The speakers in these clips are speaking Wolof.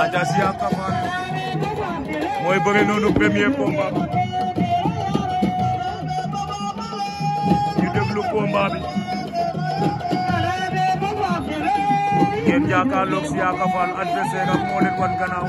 Adiassi ak Kafane mooy bëre noonu premier combat ñu déglu combat bi ngeen jàkkaarloog si ak Kafane adversaire am moo leen wan gannaaw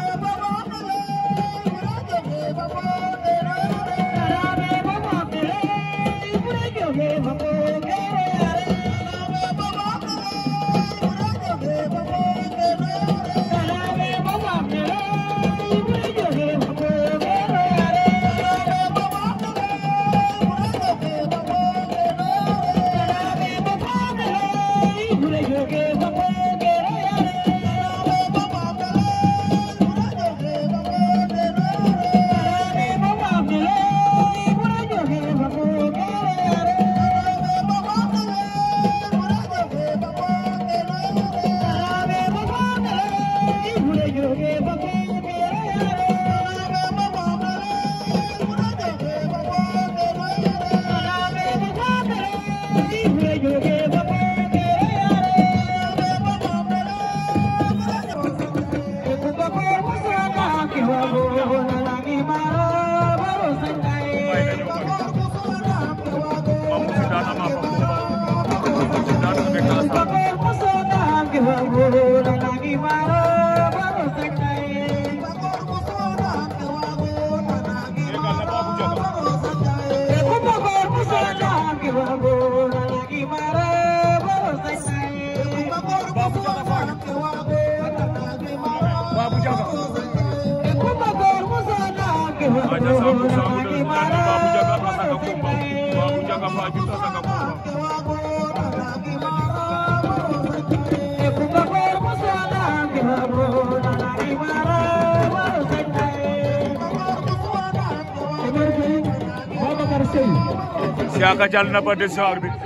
Siaka jàll na ba décision arbitre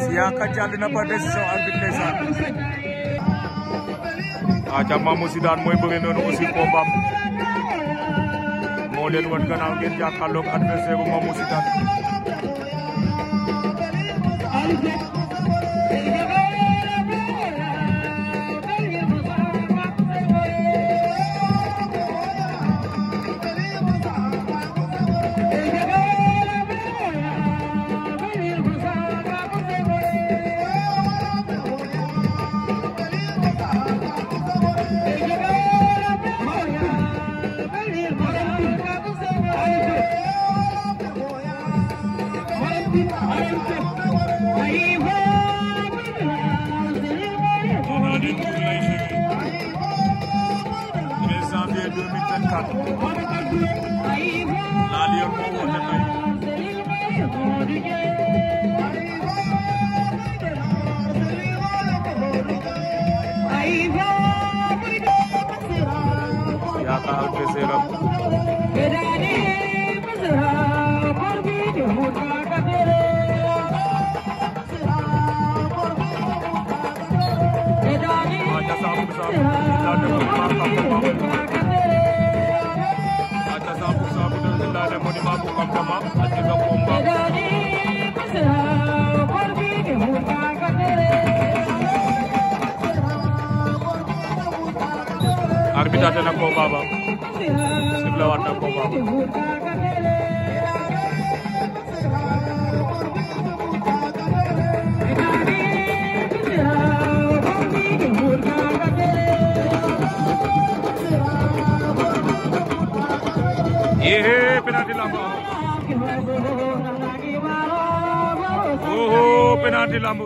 Siaka jàll na ba décision arbitre ndeysaan aca ah, Mamou Zidane mooy bëre noonu aussi combat moo leen wan gannaaw ngeen jàkkaarloog adversaire bu Mamou Zidane और ड्रेसेर अप अच्छा साहब साहब जिला ने मोदी बाबू कम कमा अच्छे का arbitrat na ko baba la waat na combat ये पेनाल्टी लांबा ओहो penalty lamb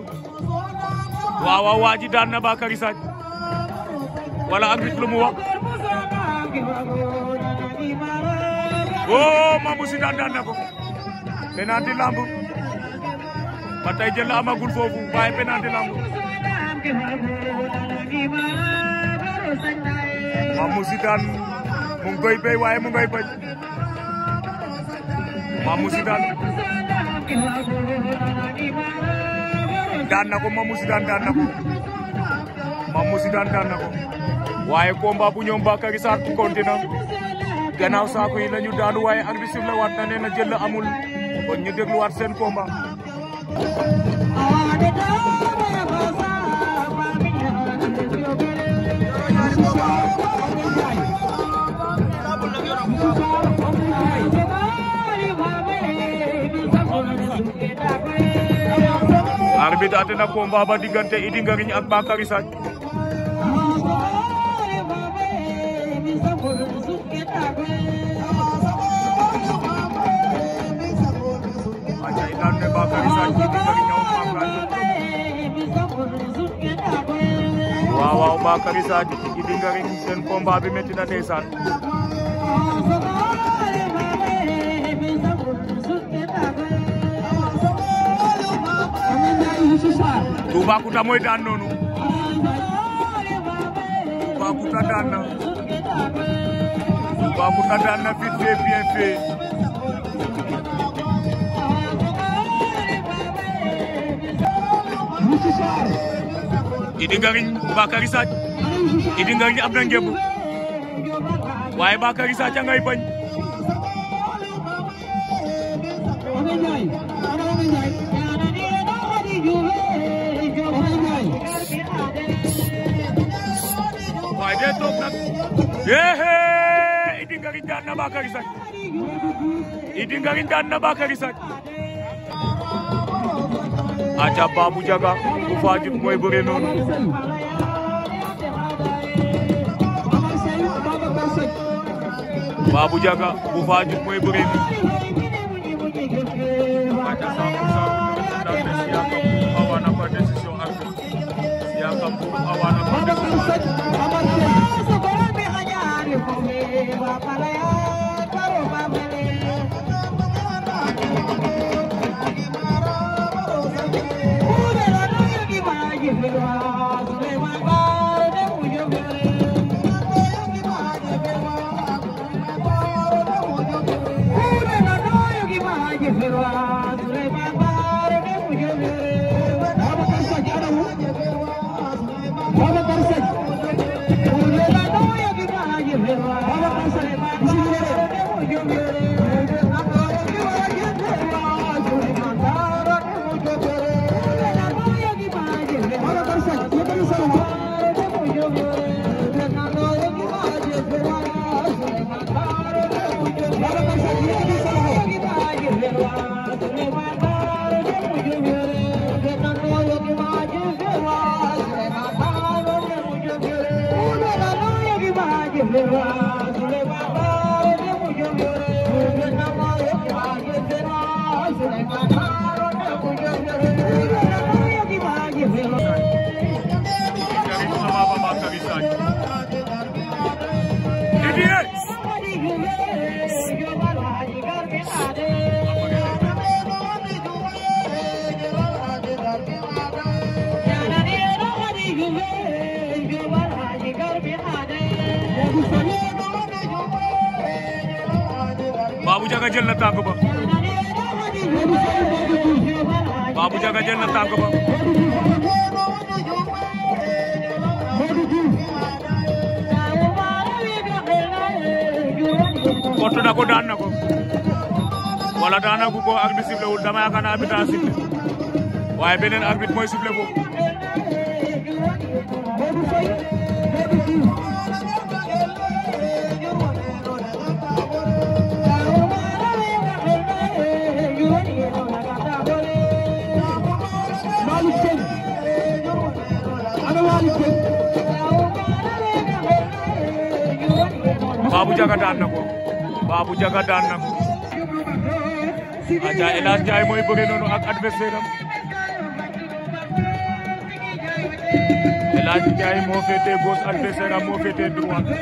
waaw waaw waa ji daan na Bakary Sadji wala ak lu mu wax oo oh, Mame Bou Siteu daan na ko penalty lamb ba tey jël la amagul foofu waaye penalty lamb Mame mu ngi koy waaye mu ngay bañ Mame Bou daan na ko Mame Bou daan na ko Mame Bou daan na ko waaye combat bu ñoom Bakary Sarr continue gannaaw saako yi na nee na jël la amul kon ñu dégluwaat seen Bakary Sadji ci dinga ring seen combat bi metti na ndeysaan Toubacouta mooy daan noonu Toubacouta daan na Toubacouta daan na vite fait bien fait idin garin bakari sat idin garin abdan gebu waye bakari sat an ai ban waje to ka yehe idin garin dan bakar bakari idin garin dan bakari aca Babou Diaga bu Fadiouth mooy bëre noonu Babou Diaga bu Fadiouth mooy Babou Diaga jël na tànk ba Babou Diaga jël na tànk ba kott na ko daan na ko wala daan na ko ko arbitre sifflé wul dama yaakaar naa arbitre a sifflé waaye beneen arbitre mooy sifflé ko Jaga daan na ko Babou Jaga daan na ko aca El Hadj Ndiaye mooy bëre noonu ak adversaire am El Hadj Ndiaye moo féetee gauche adversaire am moo féetee droite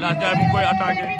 Laat jij hem mooi attaquer.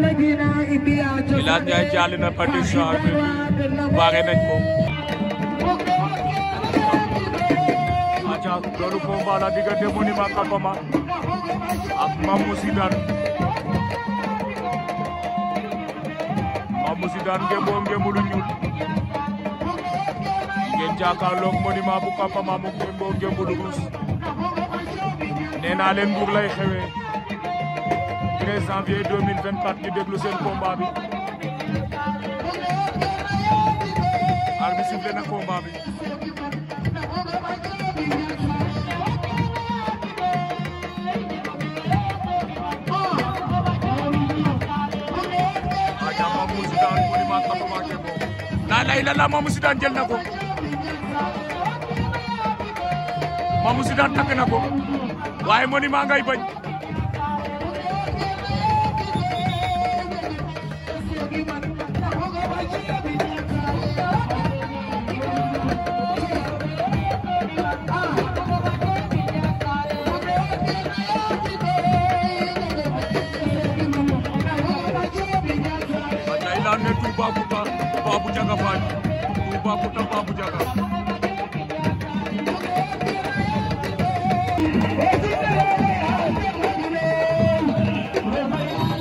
मिलाद जाए चाल में पटी शहर में बागे में को अच्छा दोनों को बाला दिगटे मुनि मां का कमा आप मामू सीदान मामू सीदान के बोम के मुड़ुन्यू genja ka lok moni ma bu papa ma mu ke bo ge bu dugus nena len dur lay xewe 13 janvier 2024 ñu déglu seen combat bi arbitre sifflé na combat bi laa lay la la Mamou Zidane jël na ko Mamou Zidane takk na ko waaye monument ngay bañ Babou Diaga Fadj Toubacouta Babou Diaga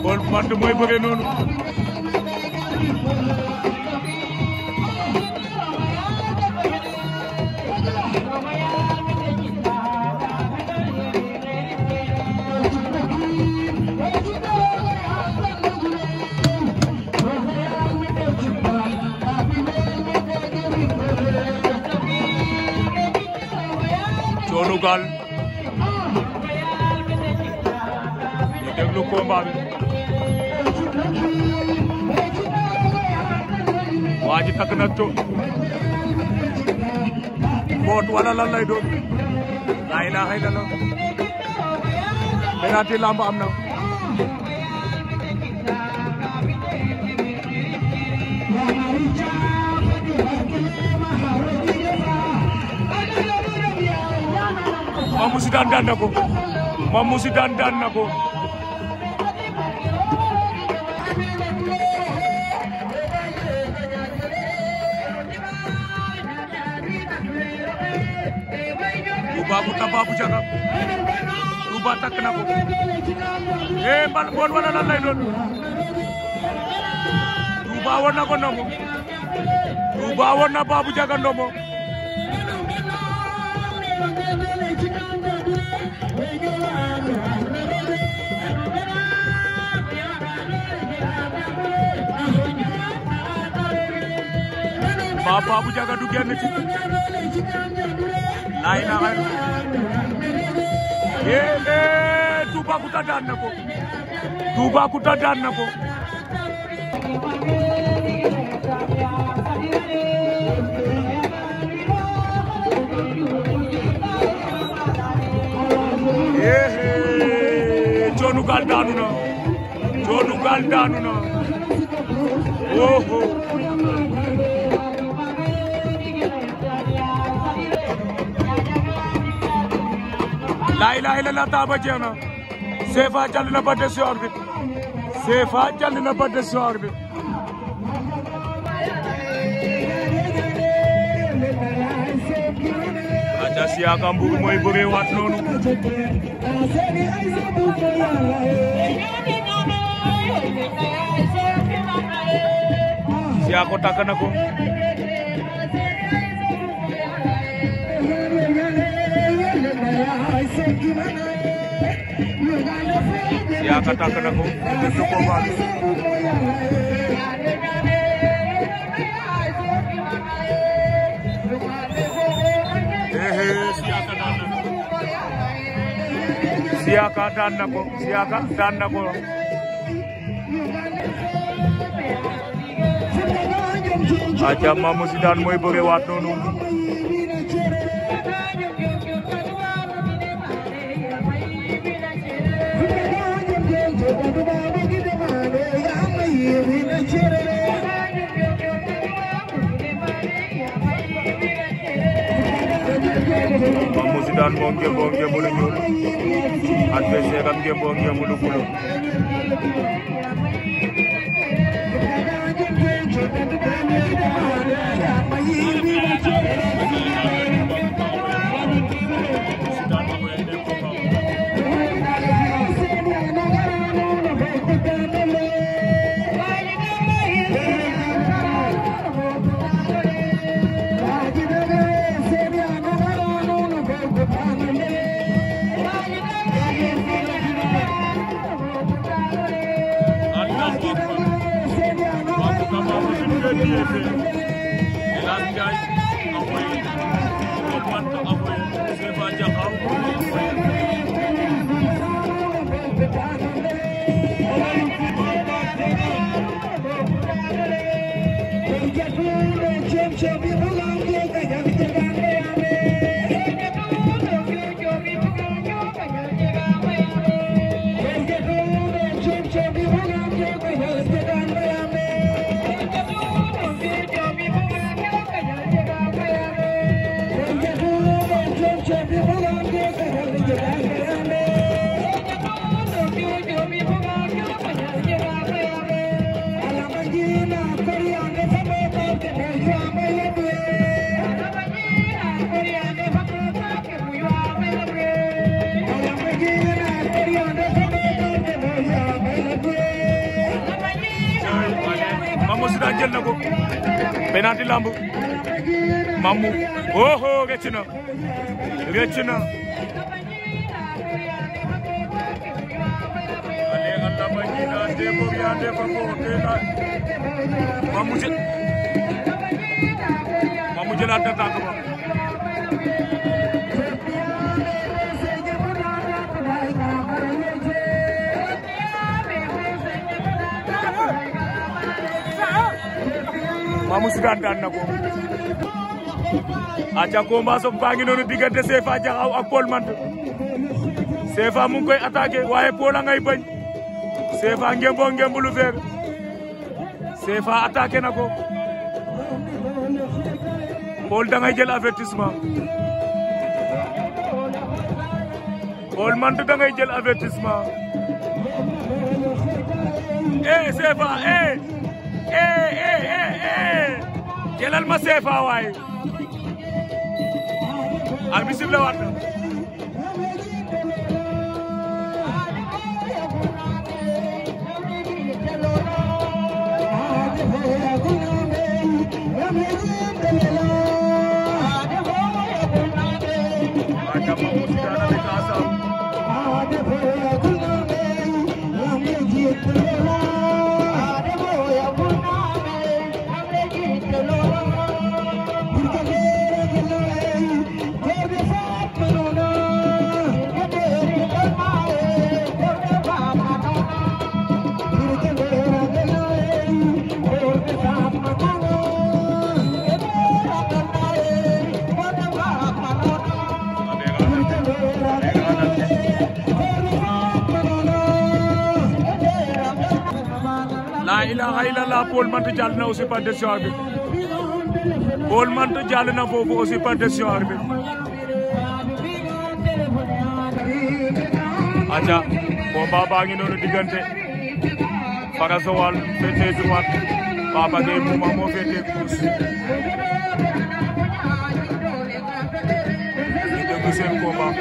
Paul Patte mooy bëre noonu dugal ñu waa ji takk na to boot wala lan lay doon laa ilaaha illallah penalty lamb am na Mame Moussi daan daan na ko Mame Moussi daan daan na ko Touba bu Tamba bu Jaga Touba takk na ko eh mbal boon wala lan lay doon Touba woon na ko ndombo Touba woon na Babou Diaga ndombo Mbaa Babou Diaga du génn ci laay na xel eh, yéen eh, Toubacouta daan na ko Toubacouta daan na ko gaal daanu na Thione gaal daanu na wóohoo laa ilaaha illallaah taaba jeex na CFA jàll na ba décision arbitre CFA jàll na ba décision arbitre Aida Siaka Mbour mooy bëree waat noonu Siaka takk na ko Siaka takk Siaka daan na ko Siaka daan na ko aca Mamou Zidane mooy bëre waat noonu Sudan bonke bonke bulu bulu. Advesi kamke bonke bulu bulu. Thank you. Good music. jël na ko penalty lamb Mamou oho rëcc na rëcc na ale jël Mamou jëlaat na tànk Mamou Sudan daan na ko aca combat soog baa ngi noonu Paul Menthe CFA mu koy attaqué waaye Paul a ngay bañ CFA ngemboo feer CFA attaqué na ko Paul da jël avertissement Paul Menthe da jël avertissement eh CFA eh eh eh, eh, eh. jëlal ma CFA waay arbitre bi la waat ilaha illallah Paul Menthe jàll na aussi par décision arbitre Paul Menthe jàll na foofu aussi par décision arbitre aca combat baa ngi noonu diggante Fara Joal féetee droite Papa Gueye Mouma moo féetee gauche ñu déglu seen combat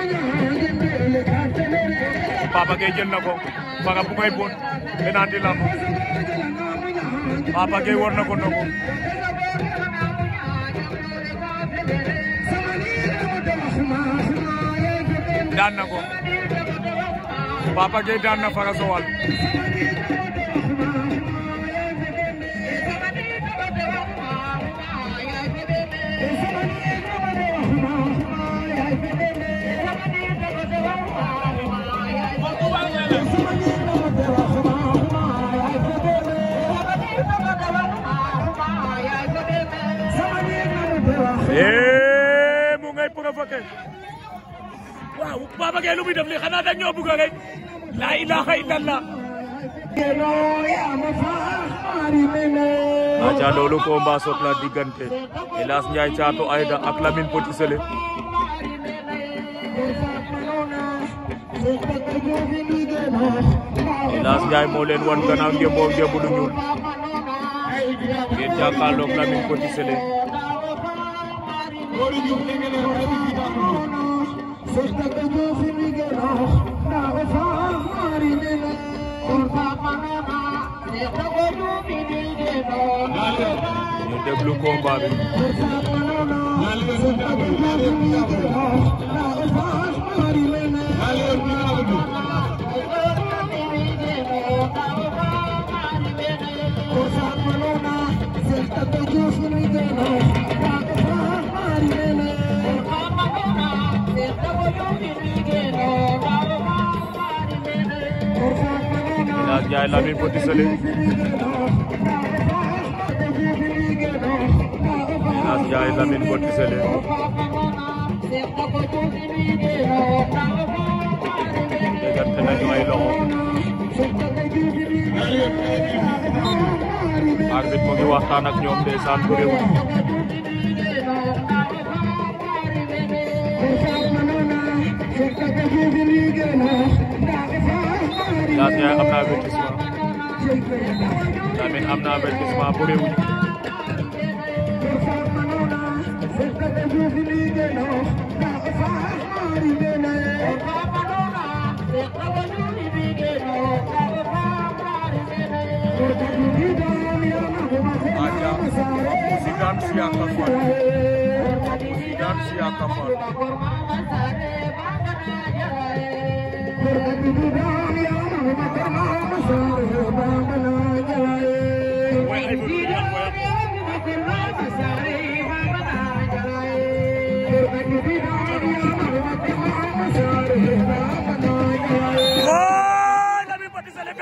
Papa Gueye jël na ko Fara bu ngay penalty lamb Papa Gueye war na ko ndogu daan na ko Papa Gueye daan na Fara Sowal yee eh, mu ngay provoqué waaw Baba Gaye lu muy li xanaa dañ ñoo bëgg rek la ilaha illallah aca loolu combat soog la diggante Elas Ndiaye Thiatou Aida ak Lamine Petit Sele Elas Ndiaye wan gannaaw ngeen moo ngeen bu du ñuul ngeen jàkkaarloog Lamine Petit ñu déglu combat bi Ndiaye Lamine Petit Sélé Djilass Ndiaye Lamine Petit Sélé déggante nañu ay loxo arbitre mu ngi waxtaan ak ñoom ndeysaan bu réew Thank you. Lass Ndiaye am I mean, i am na avertissement bëre wuñu Aja Zidane Siaka Fall Zidane Siaka Fall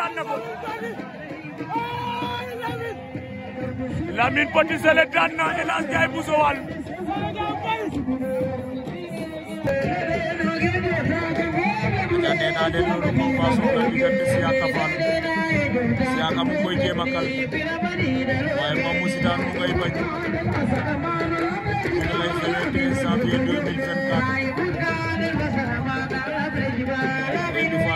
daan na ko Lamine Petit Sélé daan na El Hadj Ndiaye bu Joal da nee naa leen loolu moom waa suuf la diggante Siaka Fall Siaka mu koy jéem a kal waaye moom mu si daan mu ngay bañ ñu ngi lay fële 2 janvier 2024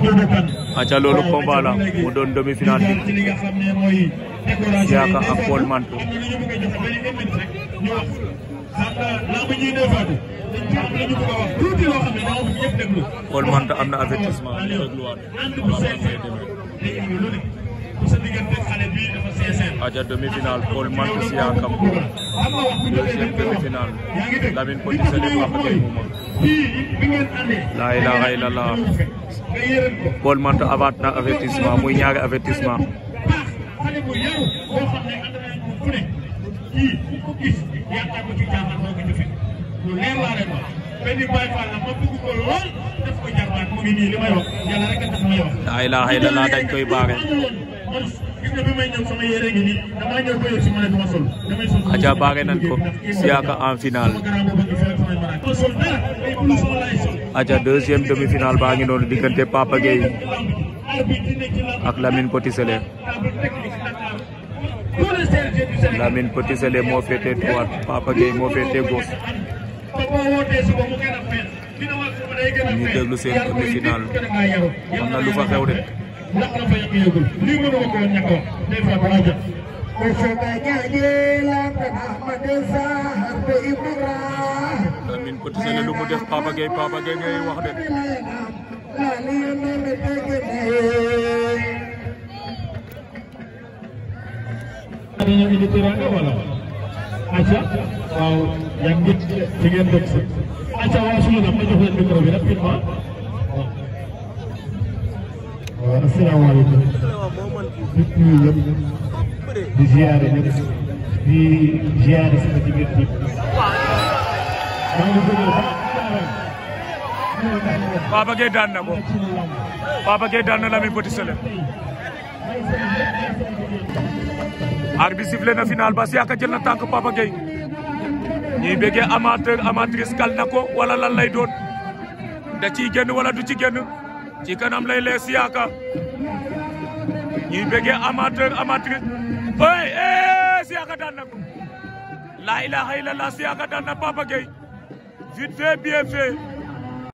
aca loolu combat la mu doon demi-finale bi Siaka ak Paul Manto Paul Manto am na avertissement aja demi-finale Paul Manto Siaka deuxième demi-finale Lamine Petit Sélé Pape Gueye Mouma laa ilaaha illallah Paul Menthe avat na avertissement muy ñaari avertissement laa ilaaha illallah dañ koy baare man gis nga bi may ñëw sama yére ngi nii damaa ñëw bëyee si ma ne dama sol damay sol aja baage nan ko Siaka en finale aja deuxième demi finale baa ngi noonu diggante Papa Gueye ak Lamine Petit Sélé Lamine Petit Sélé moo féetee droite Papa Gueye moo féetee gauche ñu déglu seen demi finale am na lu fa xew de ndax la fay yëgul lii mënuma ko woon ñàkk a wax day faa ko laajal. amiin Petit Sélé lu mu def Papa Gueye Papa Gueye ngay wax de. dañoo indi teranga wala acca waaw yaa ngi ci ngeen dëkk si acca waaw suñu nag ma jox leen micro bi rapidement waaw asalaamaaleykum nuyu ñëpp di ziare ñëpp daan na ko Papa Gueye daan na Lamine Petit Sélé. arbitre sifflé Yaka jël na tànk Papa Gueye ñuy bëggee amateur amatrice kal na ko wala lan doon da ciy génn wala du ci génn. ci kanam lay lees yaaka ñuy bëggee amateur amatrice oy eh siyaaka daan na ko laa ilaaha illallah siyaaka daan na Papa Gueye vite fait bien fait